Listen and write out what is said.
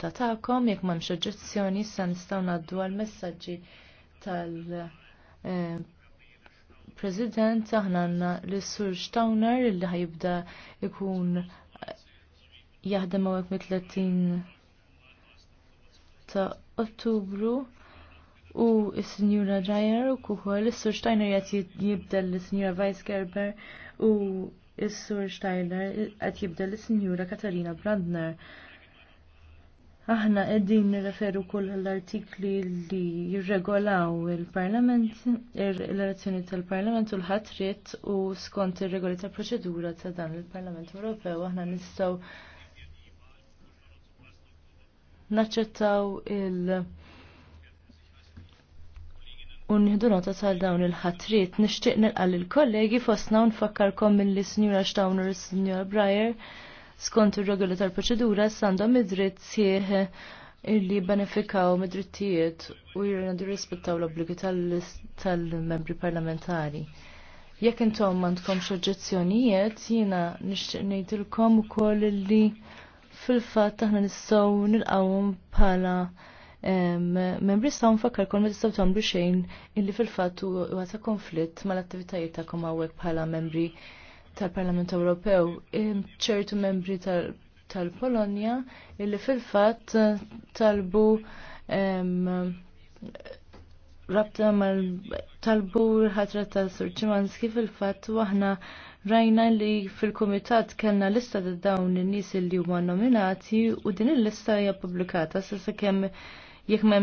ta' ta'kom, jek ma' mxoġezzjoni, sa' nistaw naddu għal-messagġi tal-President, eh, aħna għanna l-Sur Stauner, li ħajibda ikun jahdem għawek mit-30 ta' ottubru u s-Sinjura Dreyer u kuħu l-Sur Steiner jgħat jibda l-Sinjura Vice Gerber u s-Sur Steiner jgħat jibda l-Sinjura Katarina Brandner. Aħna qegħdin nirreferu kull l-artikli li jirregolaw il-Parlament, l-elezzjoni tal-Parlament u l-ħatrit u skont ir-regoli tal-proċedura ta' dan il-Parlament Ewropew aħna nistgħu naċċettaw il- Unniħdu nota ta' dawn il-ħatrit, nixtieq nilqa' lill kollegi fostna nfakkarkom mill-Sinjura Xtawner u Sinjura Breyer skont ir-regoli tal-proċedura s-sandom id-dritt sieħ illi benefikaw mid-drittijiet u jirrendu rispettaw l-obbligi tal-membri parlamentari. Jekk intom għandkom oġġezzjonijiet, jiena nixtieq ngħidilkom ukoll li fil-fatt aħna nistgħu nilqawhom bħala membri staw nfakkar kol ma tistaw tagħmlu xejn illi fil-fatt huwa ta' konflitt mal-attivitajiet tagħkom hawnhekk bħala membri tal-Parlament Ewropew, ċertu membri tal-Polonja tal illi fil-fatt talbu rabta mal talbu ħatra ta' Surċimanski fil-fatt waħna rajna li fil-komitat kellna lista ta' dawn in-nies li huma nominati u din il-lista hija publikata sa' kemm jekk